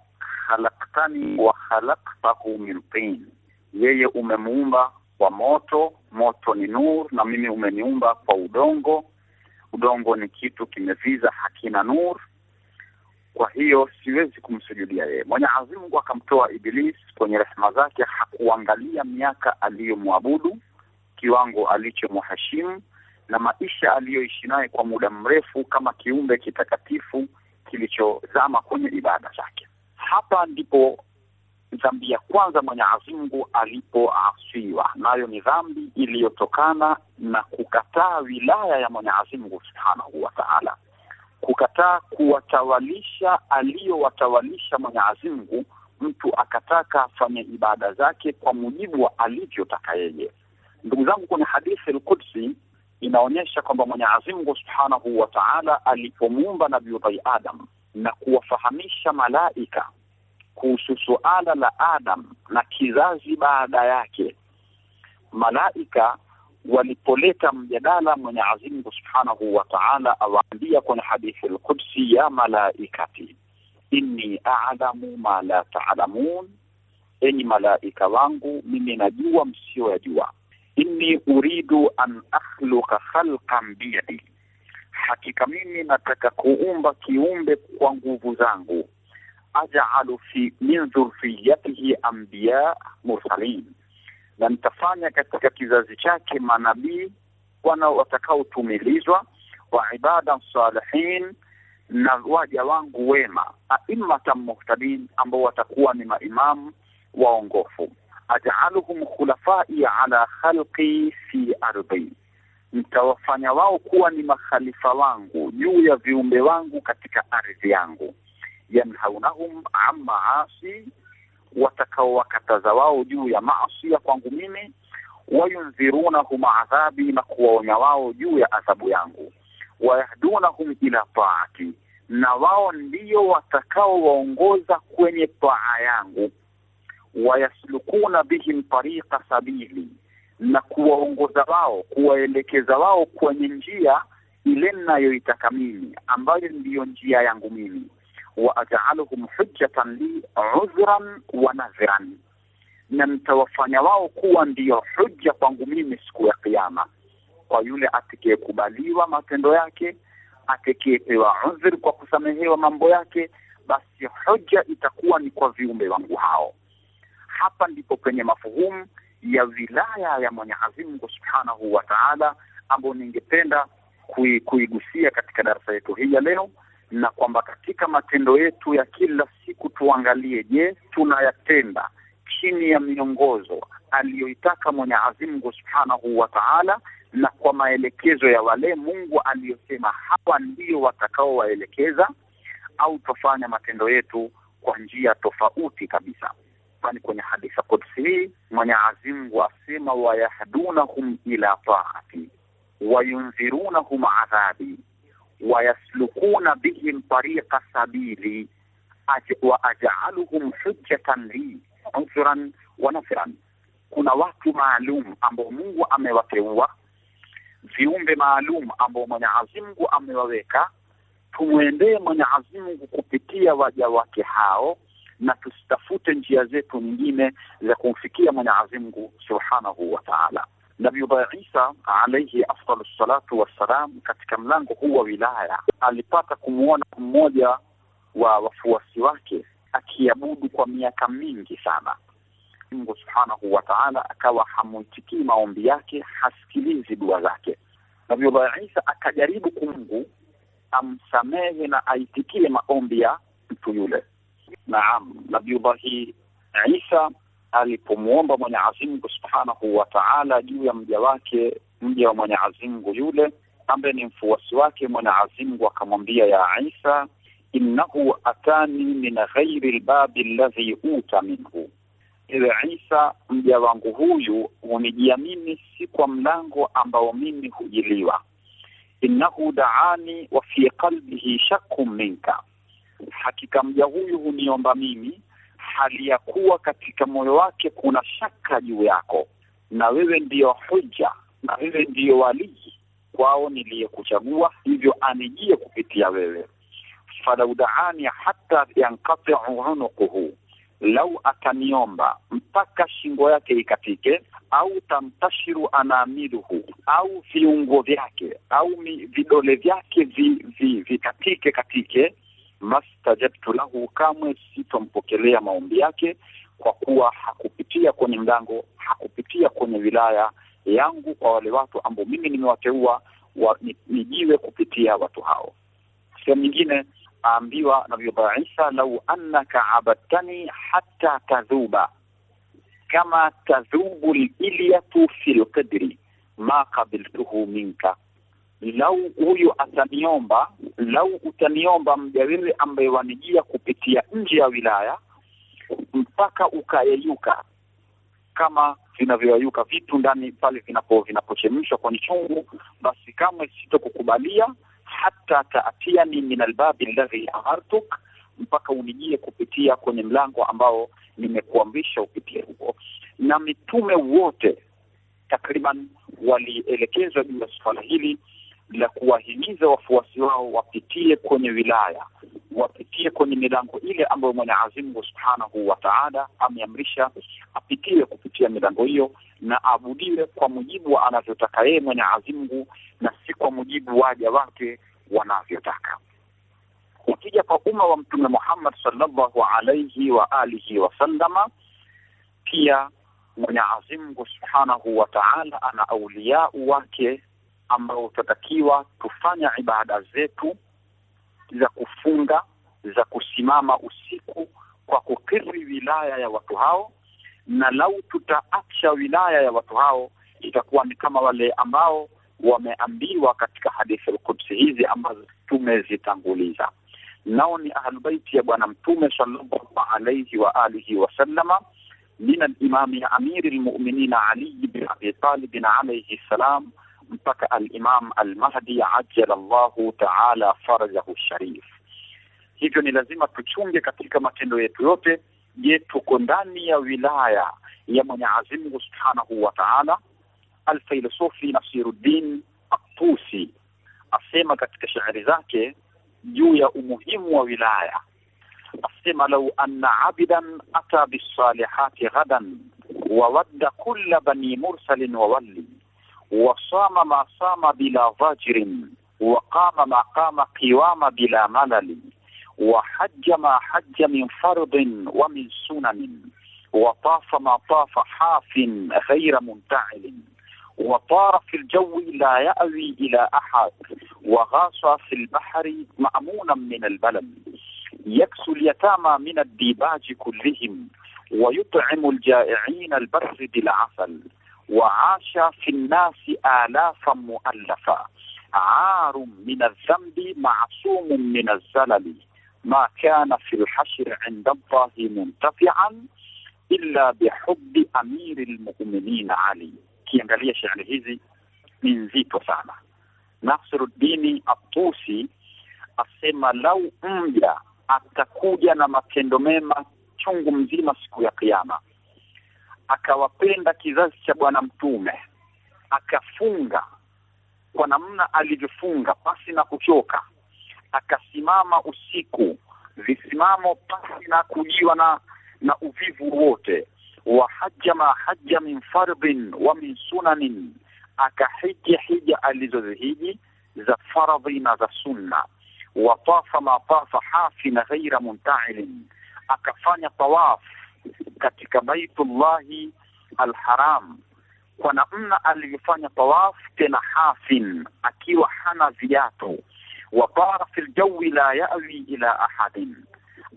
Speaker 4: khalaktani wa khalaktahu min tin, yeye umemuumba kwa moto, moto ni nur, na mimi umeniumba kwa udongo udongo ni kitu kimeviza, hakina nuru. Kwa hiyo siwezi kumsujudia yeye. Mwenyezi Mungu akamtoa Iblis kwenye rehema zake, hakuangalia miaka aliyomwabudu, kiwango alichomheshimu na maisha aliyoishi naye kwa muda mrefu kama kiumbe kitakatifu kilichozama kwenye ibada zake. Hapa ndipo dhambi ya kwanza Mwenyezi Mungu alipoasiwa, nayo ni dhambi iliyotokana na kukataa wilaya ya Mwenyezi Mungu subhanahu wa taala, kukataa kuwatawalisha aliyowatawalisha Mwenyezi Mungu. Mtu akataka afanye ibada zake kwa mujibu wa alivyotaka yeye. Ndugu zangu, kwenye hadithi al-Qudsi inaonyesha kwamba Mwenyezi Mungu subhanahu wa taala alipomuumba Nabii Adam na kuwafahamisha malaika kuhusu suala la Adam na kizazi baada yake. Malaika walipoleta mjadala, Mwenyezi Mungu Subhanahu wa Ta'ala awaambia kwenye hadithi Alqudsi, ya malaikati inni a'lamu ma la ta'lamun, enyi malaika wangu mimi najua yajua. Inni uridu an akhluqa khalqan biyadi, hakika mimi nataka kuumba kiumbe kwa nguvu zangu ajalu fi min dhurfiyatihi anbiya mursalin, na nitafanya katika kizazi chake manabii wana watakaotumilizwa wa ibada salihin, na waja wangu wema aimmatan muhtadin, ambao watakuwa ni maimamu waongofu. Ajaluhum khulafai ala khalqi fi ardhi, nitawafanya wao kuwa ni makhalifa wangu juu ya viumbe wangu katika ardhi yangu yanhaunahum an maasi, watakaowakataza wao juu ya maasi ya kwangu mimi, wayundhirunahum adhabi, na kuwaonya wao juu ya adhabu yangu, wayahdunahum ila taati, na wao ndiyo watakaowaongoza kwenye taa yangu, wayaslukuna bihim tariqa sabili, na kuwaongoza wao kuwaelekeza wao kwenye njia ile ninayoitaka mimi, ambayo ndiyo njia yangu mimi wa aj'aluhum hujjatan li udhran wa nadhran, na mtawafanya wao kuwa ndiyo hujja kwangu mimi siku ya Kiyama, kwa yule atakayekubaliwa matendo yake, atakayepewa udhur kwa kusamehewa mambo yake, basi hujja itakuwa ni kwa viumbe wangu hao. Hapa ndipo kwenye mafuhumu ya wilaya ya Mwenyezi Mungu Subhanahu wa Ta'ala, ambayo ningependa kuigusia katika darasa yetu hii ya leo na kwamba katika matendo yetu ya kila siku tuangalie, je, tunayatenda chini ya miongozo aliyoitaka Mwenyezi Mungu Subhanahu wa Ta'ala, na kwa maelekezo ya wale Mungu aliyosema hawa ndio watakaowaelekeza, au twafanya matendo yetu kwa njia tofauti kabisa. Kwani kwenye hadithi kudsi hii Mwenyezi Mungu asema, wayahdunahum ila taati wayundhirunahum adhabi wayaslukuna bihim tariqa sabili wa ajaaluhum hujjatan li ansuran wa nasiran, kuna watu maalum ambao Mungu amewateua viumbe maalum ambao Mwenyezi Mungu amewaweka. Tumwendee Mwenyezi Mungu kupitia waja wake hao, na tusitafute njia zetu nyingine za kumfikia Mwenyezi Mungu subhanahu wa taala. Nabii Isa alaihi afdal salatu wassalam, katika mlango huu wa wilaya alipata kumwona mmoja wa wafuasi wake akiabudu kwa miaka mingi sana. Mungu subhanahu wa taala akawa hamuitikii maombi yake, hasikilizi dua zake. Nabii Isa akajaribu kumungu amsamehe na aitikie maombi ya mtu yule. Naam, Nabii Isa alipomwomba Mwenyezi Mungu Subhanahu wa Ta'ala juu ya mja wake, mja wa Mwenyezi Mungu yule ambaye ni mfuasi wake, Mwenyezi Mungu akamwambia, ya Isa innahu atani min ghairi lbabi alladhi uta minhu, ewe Isa, mja wangu huyu hunijia mimi si kwa mlango ambao mimi hujiliwa. Innahu daani wa fi qalbihi shakkun minka, hakika mja huyu huniomba mimi hali ya kuwa katika moyo wake kuna shaka juu yako, na wewe ndiyo hujja, na wewe ndiyo walii kwao niliyekuchagua, hivyo anijie kupitia wewe. falau daani hata yankatiu unukuhu, lau ataniomba mpaka shingo yake ikatike, au tamtashiru anamiluhu, au viungo vyake au vidole vyake vikatike vi, vi, katike katike mastajabtu lahu, kamwe sitompokelea maombi yake, kwa kuwa hakupitia kwenye mlango, hakupitia kwenye wilaya yangu, kwa wale watu ambao mimi nimewateua wa, nijiwe kupitia watu hao. Sehemu nyingine aambiwa Nabii Isa, lau annaka abadtani hatta tadhuba kama tadhubu lilyatu fi lqidri ma qabiltuhu minka lau huyu ataniomba, lau utaniomba mja wewe ambaye wanijia kupitia nje ya wilaya, mpaka ukayeyuka kama vinavyoyayuka vitu ndani pale vinapo vinapochemshwa kwenye chungu, basi kamwe sitokukubalia hata taatiani min albabi alladhi amartuk, mpaka unijie kupitia kwenye mlango ambao nimekuamrisha upitie huko. Na mitume wote takriban walielekezwa juu ya suala hili la kuwahimiza wafuasi wao wapitie kwenye wilaya, wapitie kwenye milango ile ambayo Mwenyezi Mungu Subhanahu wa Ta'ala ameamrisha apitie kupitia milango hiyo na abudiwe kwa mujibu wa anavyotaka yeye Mwenyezi Mungu na si kwa mujibu waja wake wanavyotaka. Ukija kwa umma wa Mtume Muhammad sallallahu alayhi wa alihi wasallama, pia Mwenyezi Mungu Subhanahu wa Ta'ala ana auliya wake ambao tutatakiwa tufanya ibada zetu za kufunga za kusimama usiku kwa kukiri wilaya ya watu hao, na lau tutaacha wilaya ya watu hao itakuwa ni kama wale ambao wameambiwa katika hadithi al-Qudsi hizi ambazo tumezitanguliza, nao ni ahlubaiti ya Bwana Mtume sallallahu alayhi wa alihi wasallama min alimami amiri lmuminina Ali bin Abi Talib alayhi salam mpaka alimam almahdi ajala llahu ta'ala farajahu sharif. Hivyo ni lazima tuchunge katika matendo yetu yote. Je, tuko ndani ya wilaya ya Mwenyezi Mungu subhanahu wa ta'ala? Alfilosofi Nasiruddin aktusi asema katika shairi zake juu ya umuhimu wa wilaya, asema lau anna abidan ata bisalihati ghadan wa wadda kulla bani mursalin wa walli وصام ما صام بلا ضجر وقام ما قام قوام بلا ملل وحج ما حج من فرض ومن سنن وطاف ما طاف حاف غير منتعل وطار في الجو لا يأوي إلى أحد وغاص في البحر مأمونا من البلد يكسو اليتامى من الديباج كلهم ويطعم الجائعين البر بالعسل waasha fi nnasi alafa muallafa arum min aldhambi masumun min alzalali ma kana fi lhashri inda llahi muntafian illa bihubi amiri lmuminin Ali. Kiangalia shairi hizi ni nzito sana. Nasruddini Atusi asema lau mja atakuja na matendo mema chungu mzima siku ya Kiyama akawapenda kizazi cha Bwana Mtume, akafunga kwa namna alivyofunga pasi na kuchoka, akasimama usiku visimamo pasi na kujiwa na na uvivu wote, wa haja ma haja min fardhin wa min sunanin, akahija hija alizozihiji za faradhi na za sunna, watafa tafa hafi na ghaira muntailin, akafanya tawaf katika Baitullahi Alharam kwa namna alivyofanya tawaf, tena hafin akiwa hana viatu. wabara fil ljaui la yawi ila ahadin,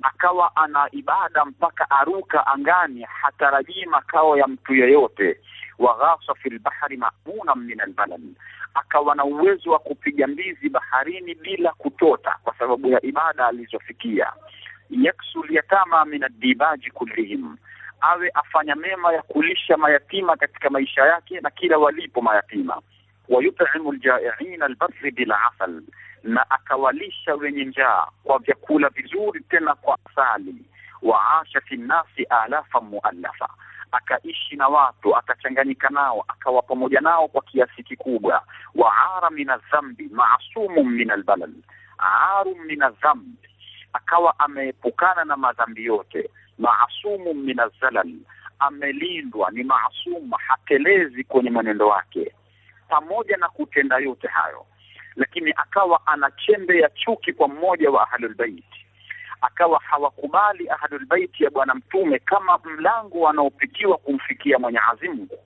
Speaker 4: akawa ana ibada mpaka aruka angani, hatarajii makao ya mtu yeyote. Wa ghasa fil bahri mamuna min albalal, akawa na uwezo wa kupiga mbizi baharini bila kutota, kwa sababu ya ibada alizofikia yaksul yatama min addibaji kullihim, awe afanya mema ya kulisha mayatima katika maisha yake na kila walipo mayatima. wa yutimu ljaiina albasri bila asal, na akawalisha wenye njaa kwa vyakula vizuri tena kwa asali. asha fi nnasi alafa muallafa, akaishi na watu akachanganyika nao akawa pamoja nao kwa kiasi kikubwa. Wa ara min aldhambi masumun min albalal, aru min aldhambi akawa ameepukana na madhambi yote, maasumu min azzalal, amelindwa ni maasumu, hatelezi kwenye mwenendo wake, pamoja na kutenda yote hayo, lakini akawa ana chembe ya chuki kwa mmoja wa ahlulbeiti, akawa hawakubali ahlulbeiti ya Bwana Mtume kama mlango wanaopitiwa kumfikia Mwenyezi Mungu.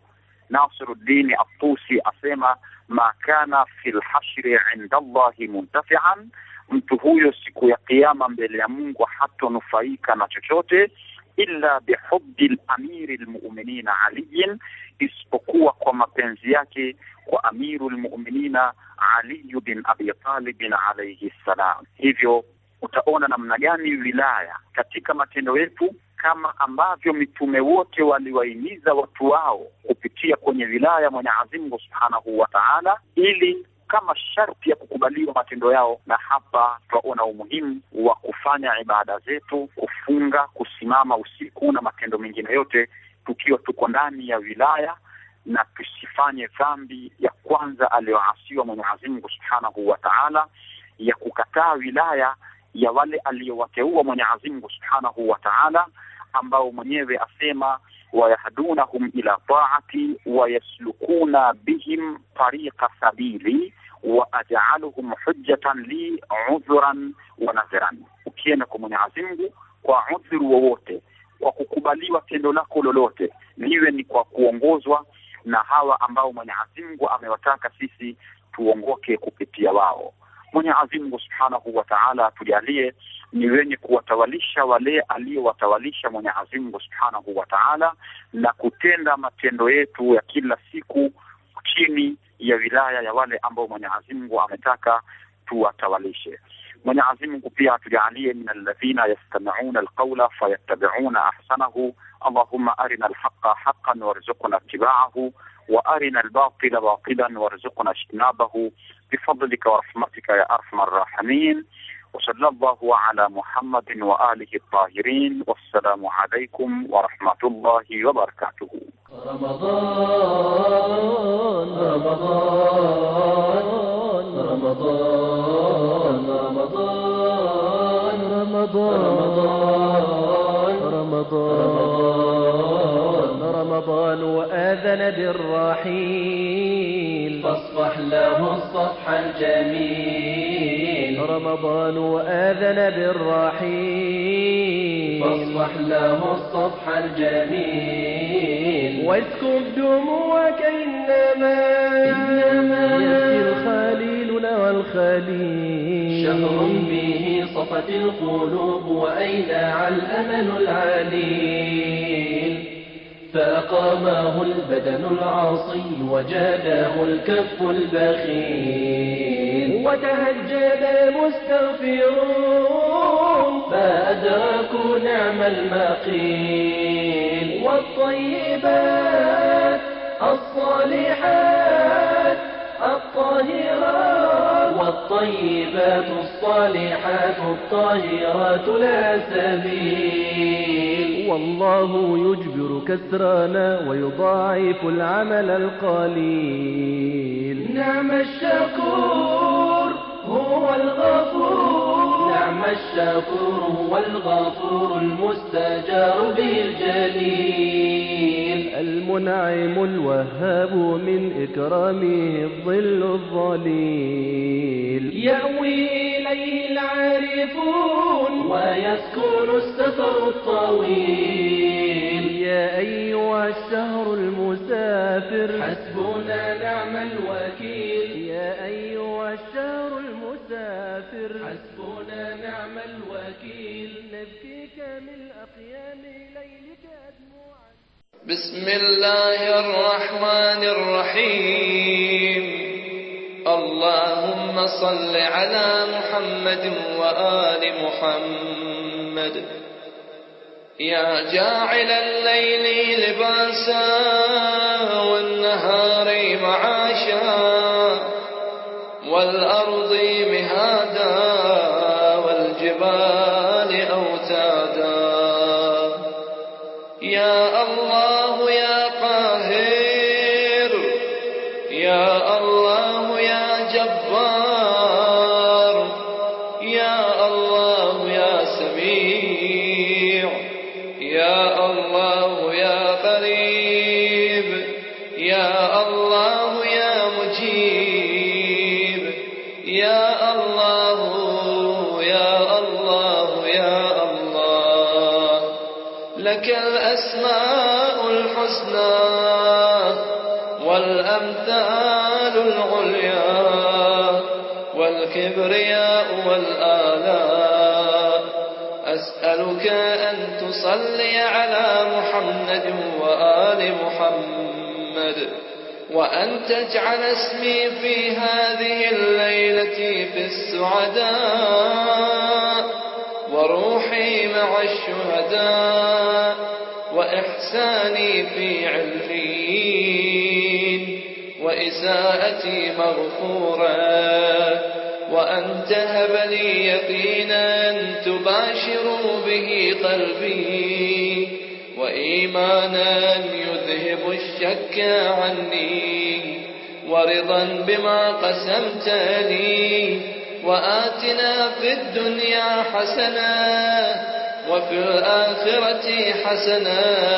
Speaker 4: Nasiruddin Atusi asema ma kana fi lhashri inda Allahi muntafian mtu huyo siku ya Kiyama mbele ya Mungu hatonufaika na chochote illa bihubi lamiri lmuminina aliyin, isipokuwa kwa mapenzi yake kwa amiru lmuminina Aliyu bin Abi Talibin alaihi ssalam. Hivyo utaona namna gani wilaya katika matendo yetu, kama ambavyo mitume wote waliwahimiza watu wao kupitia kwenye wilaya Mwenyezi Mungu subhanahu wa taala, ili kama sharti ya kukubaliwa matendo yao, na hapa twaona umuhimu wa kufanya ibada zetu, kufunga, kusimama usiku na matendo mengine yote tukiwa tuko ndani ya wilaya na tusifanye dhambi ya kwanza aliyoasiwa Mwenyezi Mungu Subhanahu wa Ta'ala, ya kukataa wilaya ya wale aliyowateua Mwenyezi Mungu Subhanahu wa Ta'ala, ambao mwenyewe asema wayahdunahum ila taati wayaslukuna bihim tariqa sabili, wa ajaluhum hujjatan li udhuran wa nadhiran, ukienda kwa Mwenyezi Mungu kwa udhuru wowote, kwa kukubaliwa tendo lako lolote, liwe ni kwa kuongozwa na hawa ambao Mwenyezi Mungu amewataka sisi tuongoke kupitia wao. Mwenyezi Mungu Subhanahu wa Ta'ala atujalie ni wenye kuwatawalisha wale aliyowatawalisha Mwenyezi Mungu Subhanahu wa Ta'ala, na kutenda matendo yetu ya kila siku chini ya wilaya ya wale ambao Mwenyezi Mungu ametaka tuwatawalishe. Mwenyezi Mungu pia atujalie min alladhina yastami'una alqawla fayattabi'una ahsanahu allahumma arina alhaqa haqqan warzuqna ittiba'ahu wa arina albatila batilan warzuqna ijtinabahu bifadlika wa rahmatika ya arhamar rahimin وصلى الله على محمد وآله الطاهرين والسلام عليكم ورحمة الله وبركاته رمضان رمضان رمضان
Speaker 6: رمضان رمضان رمضان رمضان وآذن بالرحيل فاصفح له الصفح الجميل رمضان وآذن بالرحيل فاصفح له الصفح الجميل واسكب دموعك إنما إنما يبكي الخليل والخليل شهر به صفت القلوب وأينع الأمل العليل فأقاماه البدن العاصي وجاداه الكف البخيل وتهجد المستغفرون فأدركوا نعم المقيل والطيبات الصالحات الطاهرات والطيبات الصالحات الطاهرات لا سبيل والله يجبر كسرانا ويضاعف العمل القليل نعم الشكور هو الغفور نعم الشكور هو الغفور المستجار الجليل المنعم الوهاب من إكرامه الظل الظليل يأوي إليه العارفون ويسكن السفر الطويل يا أيها الشهر المسافر حسبنا نعم الوكيل يا أيها الشهر المسافر حسبنا نعم الوكيل نبكيك من أقيامنا
Speaker 7: بسم الله الرحمن الرحيم اللهم صل على محمد وآل محمد يا جاعل الليل لباسا والنهار معاشا والأرض مهادا والجبال أوتادا يا الكبرياء والآلاء أسألك أن تصلي على محمد وآل محمد وأن تجعل اسمي في هذه الليلة في السعداء وروحي مع الشهداء وإحساني في عليين وإساءتي مغفورا وأن تهب لي يقينا تباشر به قلبي وإيمانا يذهب الشك عني ورضا بما قسمت لي وآتنا في الدنيا حسنة وفي الآخرة حسنة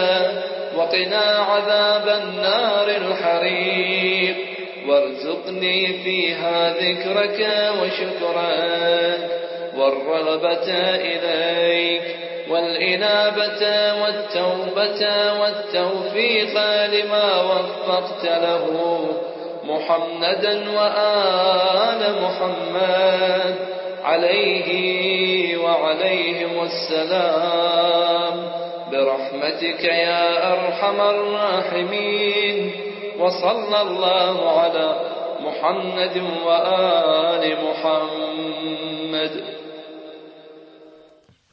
Speaker 7: وقنا عذاب النار الحريق وارزقني فيها ذكرك وشكرك والرغبة إليك والإنابة والتوبة والتوفيق لما وفقت له محمدا وآل محمد عليه وعليهم السلام برحمتك يا أرحم الراحمين وصلى الله على محمد وآل محمد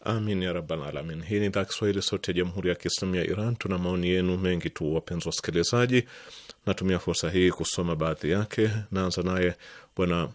Speaker 1: Amin ya rabbal alamin. Hii ni idhaa Kiswahili sote ya Jamhuri ya Kiislamu ya Iran. Tuna maoni yenu mengi tu, wapenzi wasikilizaji, natumia fursa hii kusoma baadhi yake. Naanza naye bwana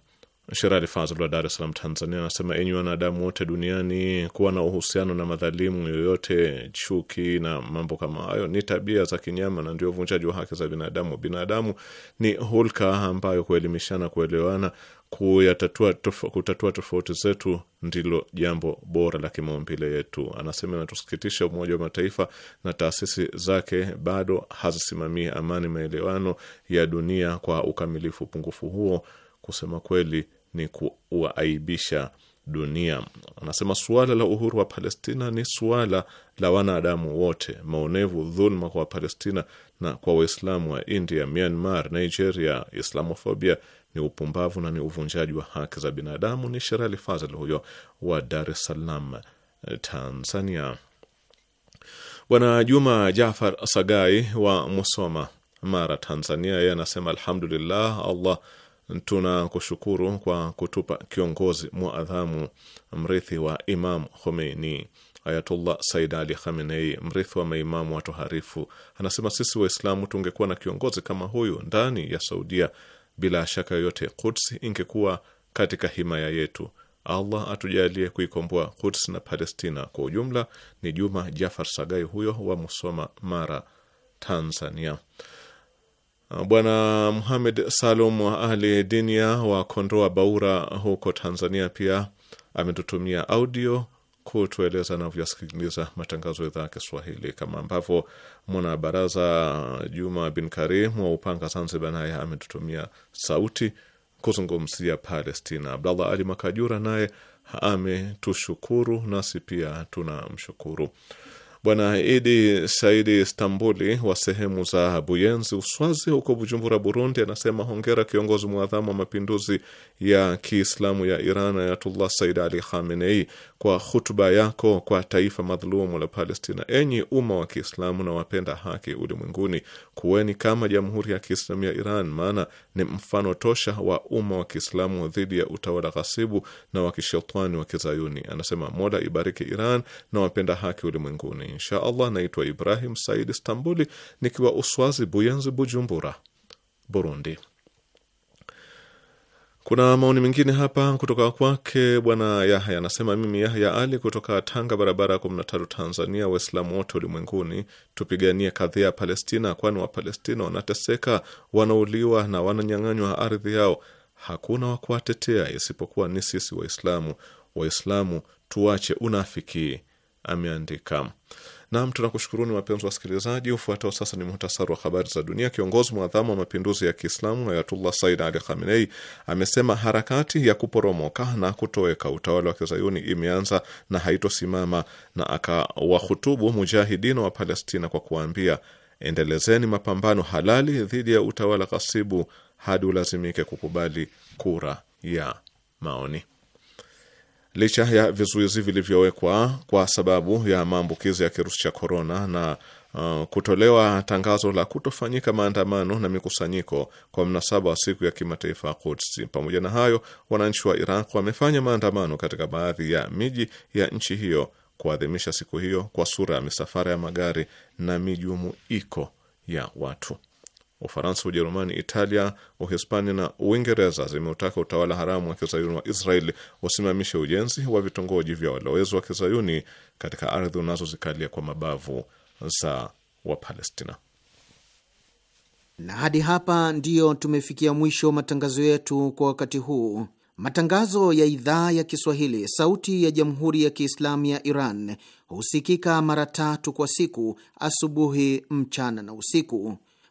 Speaker 1: Sherali Fazl wa Dar es Salaam, Tanzania, anasema enyi wanadamu wote duniani, kuwa na uhusiano na madhalimu yoyote, chuki na mambo kama hayo ni tabia za kinyama na ndio uvunjaji wa haki za binadamu. Binadamu ni hulka ambayo kuelimishana, kuelewana, kuyatatua tof kutatua tofauti zetu ndilo jambo bora la kimaumbile yetu. Anasema inatusikitisha, Umoja wa Mataifa na taasisi zake bado hazisimamii amani, maelewano ya dunia kwa ukamilifu. Upungufu huo kusema kweli ni kuwaaibisha dunia. Anasema suala la uhuru wa Palestina ni suala la wanadamu wote. Maonevu, dhulma kwa Wapalestina na kwa Waislamu wa India, Myanmar, Nigeria, Islamofobia ni upumbavu na ni uvunjaji wa haki za binadamu. Ni Sherali Fazil huyo wa Dar es Salaam, Tanzania. Bwana Juma Jafar Sagai wa Musoma, Mara, Tanzania, yeye anasema alhamdulillah, Allah Tunakushukuru kwa kutupa kiongozi muadhamu, mrithi wa Imam Khomeini. Ayatullah Said Ali Khamenei, mrithi wa maimamu watoharifu, anasema sisi Waislamu tungekuwa na kiongozi kama huyu ndani ya Saudia, bila shaka yoyote Quds ingekuwa katika himaya yetu. Allah atujalie kuikomboa Quds na Palestina kwa ujumla. Ni Juma Jafar Sagai huyo wa Musoma, Mara, Tanzania. Uh, Bwana Muhamed Salum Ali Dinia wa Kondoa Baura huko Tanzania pia ametutumia audio kutueleza anavyosikiliza matangazo ya idhaa ya Kiswahili, kama ambavyo mwana baraza Juma bin Karim wa Upanga Zanzibar naye ametutumia sauti kuzungumzia Palestina. Abdallah Ali Makajura naye ametushukuru, nasi pia tunamshukuru. Bwana Idi Saidi Stambuli wa sehemu za Buyenzi Uswazi huko Bujumbura, Burundi, anasema hongera kiongozi mwadhamu wa mapinduzi ya Kiislamu ya Iran Ayatullah Said Ali Khamenei kwa hutuba yako kwa taifa madhulumu la Palestina. Enyi umma wa Kiislamu na wapenda haki ulimwenguni, kuweni kama Jamhuri ya Kiislamu ya Iran, maana ni mfano tosha wa umma wa Kiislamu dhidi ya utawala ghasibu na wa kishetani wa Kizayuni. Anasema mola ibariki Iran na wapenda haki ulimwenguni insha Allah. Naitwa Ibrahim Said Stambuli nikiwa Uswazi Buyenzi, Bujumbura, Burundi. Kuna maoni mengine hapa kutoka kwake bwana Yahya, anasema mimi Yahya Ali kutoka Tanga, barabara ya 13 Tanzania. Waislamu wote ulimwenguni tupiganie kadhia ya Palestina, kwani Wapalestina wanateseka, wanauliwa na wananyang'anywa ardhi yao. Hakuna wa kuwatetea isipokuwa ni sisi Waislamu. Waislamu tuache unafiki ameandika. Nam, tunakushukuruni wapenzi wasikilizaji. Ufuatao sasa ni muhtasari wa habari za dunia. Kiongozi mwadhamu wa mapinduzi ya Kiislamu Ayatullah Said Ali Khamenei amesema harakati ya kuporomoka na kutoweka utawala wa kizayuni imeanza na haitosimama, na akawahutubu mujahidina wa Palestina kwa kuwaambia, endelezeni mapambano halali dhidi ya utawala ghasibu hadi ulazimike kukubali kura ya maoni. Licha ya vizuizi vilivyowekwa kwa sababu ya maambukizi ya kirusi cha korona na uh, kutolewa tangazo la kutofanyika maandamano na mikusanyiko kwa mnasaba wa siku ya kimataifa ya Quds. Pamoja na hayo, wananchi wa Iraq wamefanya maandamano katika baadhi ya miji ya nchi hiyo kuadhimisha siku hiyo kwa sura ya misafara ya magari na mijumuiko ya watu. Ufaransa, Ujerumani, Italia, Uhispania na Uingereza zimeutaka utawala haramu wa kizayuni wa israel usimamishe ujenzi wa vitongoji vya walowezi wa kizayuni katika ardhi unazozikalia kwa mabavu za Wapalestina.
Speaker 3: Na hadi hapa ndiyo tumefikia mwisho matangazo yetu kwa wakati huu. Matangazo ya idhaa ya Kiswahili, sauti ya jamhuri ya kiislamu ya Iran husikika mara tatu kwa siku: asubuhi, mchana na usiku.